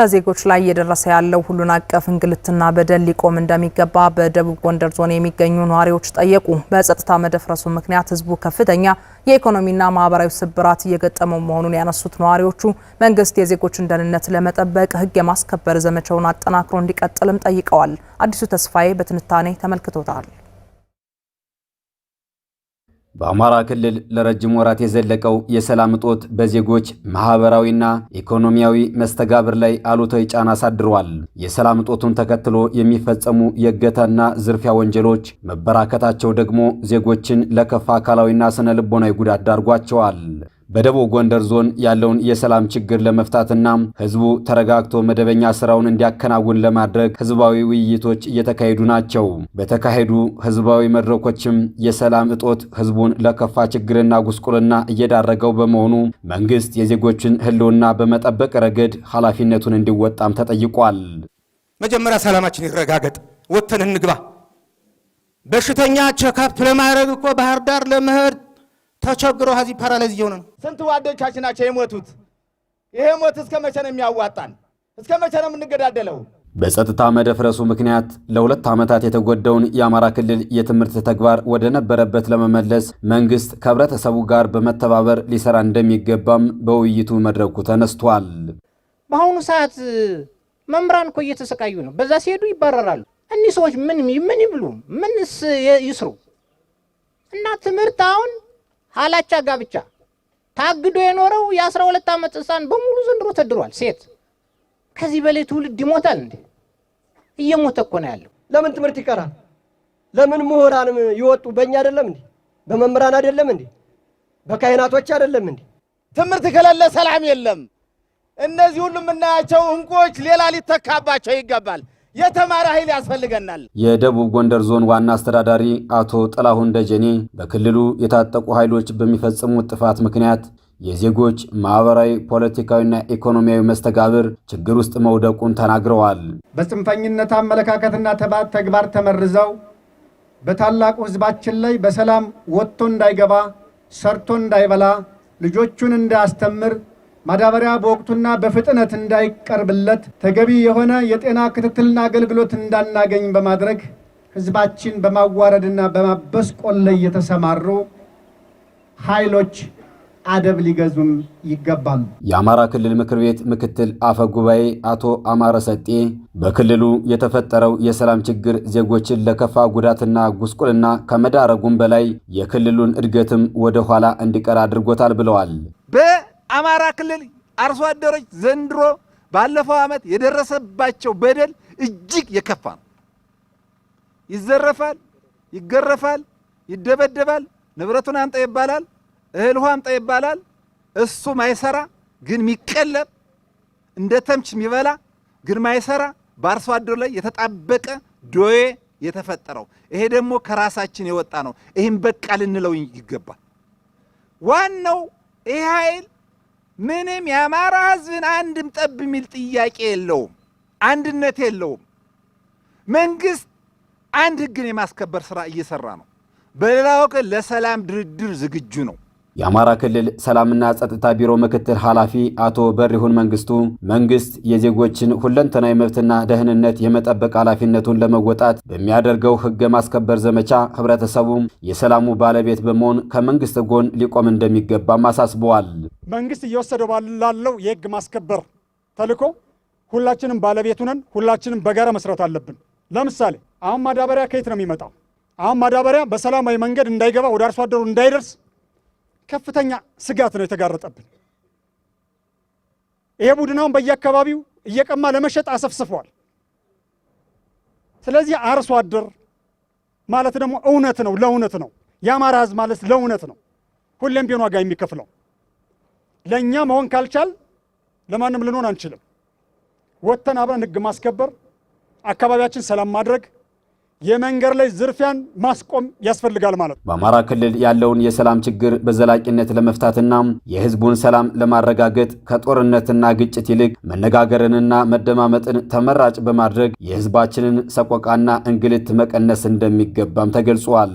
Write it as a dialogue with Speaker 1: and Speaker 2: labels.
Speaker 1: በዜጎች ላይ እየደረሰ ያለው ሁሉን አቀፍ እንግልትና በደል ሊቆም እንደሚገባ በደቡብ ጎንደር ዞን የሚገኙ ነዋሪዎች ጠየቁ። በጸጥታ መደፍረሱ ምክንያት ህዝቡ ከፍተኛ የኢኮኖሚና ማህበራዊ ስብራት እየገጠመው መሆኑን ያነሱት ነዋሪዎቹ መንግስት የዜጎችን ደህንነት ለመጠበቅ ህግ የማስከበር ዘመቻውን አጠናክሮ እንዲቀጥልም ጠይቀዋል። አዲሱ ተስፋዬ በትንታኔ ተመልክቶታል።
Speaker 2: በአማራ ክልል ለረጅም ወራት የዘለቀው የሰላም እጦት በዜጎች ማህበራዊና ኢኮኖሚያዊ መስተጋብር ላይ አሉታዊ ጫና አሳድሯል። የሰላም እጦቱን ተከትሎ የሚፈጸሙ የእገታና ዝርፊያ ወንጀሎች መበራከታቸው ደግሞ ዜጎችን ለከፋ አካላዊና ስነ ልቦናዊ ጉዳት ዳርጓቸዋል። በደቡብ ጎንደር ዞን ያለውን የሰላም ችግር ለመፍታትና ህዝቡ ተረጋግቶ መደበኛ ስራውን እንዲያከናውን ለማድረግ ህዝባዊ ውይይቶች እየተካሄዱ ናቸው። በተካሄዱ ህዝባዊ መድረኮችም የሰላም እጦት ህዝቡን ለከፋ ችግርና ጉስቁልና እየዳረገው በመሆኑ መንግስት የዜጎችን ህልውና በመጠበቅ ረገድ ኃላፊነቱን እንዲወጣም ተጠይቋል።
Speaker 3: መጀመሪያ ሰላማችን ይረጋገጥ፣ ወጥተን እንግባ። በሽተኛ ቼካፕ ለማድረግ እኮ ባህር ዳር ለመሄድ ተቸግሮ ሀዚ ፓራላይዝ እየሆነ ነው።
Speaker 4: ስንት ጓደኞቻችን ናቸው የሞቱት? ይሄ ሞት እስከ መቼ ነው የሚያዋጣን? እስከ መቼ ነው የምንገዳደለው?
Speaker 2: በጸጥታ መደፍረሱ ምክንያት ለሁለት ዓመታት የተጎዳውን የአማራ ክልል የትምህርት ተግባር ወደ ነበረበት ለመመለስ መንግስት ከህብረተሰቡ ጋር በመተባበር ሊሰራ እንደሚገባም በውይይቱ መድረኩ ተነስቷል።
Speaker 5: በአሁኑ ሰዓት መምህራን እኮ እየተሰቃዩ ነው። በዛ ሲሄዱ ይባረራሉ። እኒህ ሰዎች ምን ምን ይብሉ? ምንስ ይስሩ? እና ትምህርት አሁን ሀላቻ ጋብቻ ታግዶ የኖረው የአስራ ሁለት ዓመት ህፃን በሙሉ ዘንድሮ ተድሯል። ሴት ከዚህ በላይ ትውልድ ይሞታል እንዴ? እየሞተ እኮ ነው ያለው።
Speaker 6: ለምን ትምህርት ይቀራል? ለምን ምሁራን ይወጡ? በእኛ አይደለም እንዴ? በመምህራን አይደለም እንዴ? በካህናቶች አይደለም እንዴ?
Speaker 7: ትምህርት ከሌለ ሰላም የለም። እነዚህ ሁሉ የምናያቸው እንቁዎች ሌላ ሊተካባቸው ይገባል። የተማረ ኃይል ያስፈልገናል።
Speaker 2: የደቡብ ጎንደር ዞን ዋና አስተዳዳሪ አቶ ጥላሁን ደጀኔ በክልሉ የታጠቁ ኃይሎች በሚፈጽሙት ጥፋት ምክንያት የዜጎች ማኅበራዊ፣ ፖለቲካዊና ኢኮኖሚያዊ መስተጋብር ችግር ውስጥ መውደቁን ተናግረዋል።
Speaker 8: በጽንፈኝነት አመለካከትና ተግባር ተመርዘው በታላቁ ሕዝባችን ላይ በሰላም ወጥቶ እንዳይገባ ሰርቶ እንዳይበላ ልጆቹን እንዳያስተምር ማዳበሪያ በወቅቱና በፍጥነት እንዳይቀርብለት ተገቢ የሆነ የጤና ክትትልና አገልግሎት እንዳናገኝ በማድረግ ህዝባችን በማዋረድና በማበስቆል ላይ የተሰማሩ ኃይሎች አደብ ሊገዙም ይገባሉ።
Speaker 2: የአማራ ክልል ምክር ቤት ምክትል አፈ ጉባኤ አቶ አማረ ሰጤ በክልሉ የተፈጠረው የሰላም ችግር ዜጎችን ለከፋ ጉዳትና ጉስቁልና ከመዳረጉም በላይ የክልሉን እድገትም ወደ ኋላ እንዲቀር አድርጎታል ብለዋል።
Speaker 9: አማራ ክልል አርሶ አደሮች ዘንድሮ ባለፈው ዓመት የደረሰባቸው በደል እጅግ የከፋ ነው። ይዘረፋል፣ ይገረፋል፣ ይደበደባል። ንብረቱን አምጣ ይባላል፣ እህል ውሃ አምጣ ይባላል። እሱ ማይሰራ ግን ሚቀለብ እንደ ተምች የሚበላ ግን ማይሰራ በአርሶ አደሩ ላይ የተጣበቀ ዶዬ የተፈጠረው ይሄ ደግሞ ከራሳችን የወጣ ነው። ይህም በቃ ልንለው ይገባል። ዋናው ይህ ኃይል ምንም የአማራ ህዝብን አንድም ጠብ የሚል ጥያቄ የለውም፣ አንድነት የለውም። መንግስት አንድ ህግን የማስከበር ስራ እየሰራ ነው። በሌላ ቀን ለሰላም ድርድር ዝግጁ ነው።
Speaker 2: የአማራ ክልል ሰላምና ጸጥታ ቢሮ ምክትል ኃላፊ አቶ በሪሁን መንግስቱ መንግስት የዜጎችን ሁለንተናዊ መብትና ደህንነት የመጠበቅ ኃላፊነቱን ለመወጣት በሚያደርገው ህገ ማስከበር ዘመቻ ህብረተሰቡም የሰላሙ ባለቤት በመሆን ከመንግስት ጎን ሊቆም እንደሚገባም አሳስበዋል።
Speaker 10: መንግስት እየወሰደው ላለው የህግ ማስከበር ተልዕኮ ሁላችንም ባለቤቱ ነን። ሁላችንም በጋራ መስራት አለብን። ለምሳሌ አሁን ማዳበሪያ ከየት ነው የሚመጣው? አሁን ማዳበሪያ በሰላማዊ መንገድ እንዳይገባ ወደ አርሶ አደሩ እንዳይደርስ ከፍተኛ ስጋት ነው የተጋረጠብን። ይሄ ቡድን አሁን በየአካባቢው እየቀማ ለመሸጥ አሰፍስፏል። ስለዚህ አርሶ አደር ማለት ደግሞ እውነት ነው፣ ለእውነት ነው። የአማራ ህዝብ ማለት ለእውነት ነው፣ ሁሌም ቢሆን ዋጋ የሚከፍለው። ለእኛ መሆን ካልቻል ለማንም ልንሆን አንችልም። ወጥተን አብረን ህግ ማስከበር፣ አካባቢያችን ሰላም ማድረግ የመንገድ ላይ ዝርፊያን ማስቆም ያስፈልጋል ማለት
Speaker 2: ነው። በአማራ ክልል ያለውን የሰላም ችግር በዘላቂነት ለመፍታትና የህዝቡን ሰላም ለማረጋገጥ ከጦርነትና ግጭት ይልቅ መነጋገርንና መደማመጥን ተመራጭ በማድረግ የህዝባችንን ሰቆቃና እንግልት መቀነስ እንደሚገባም ተገልጿል።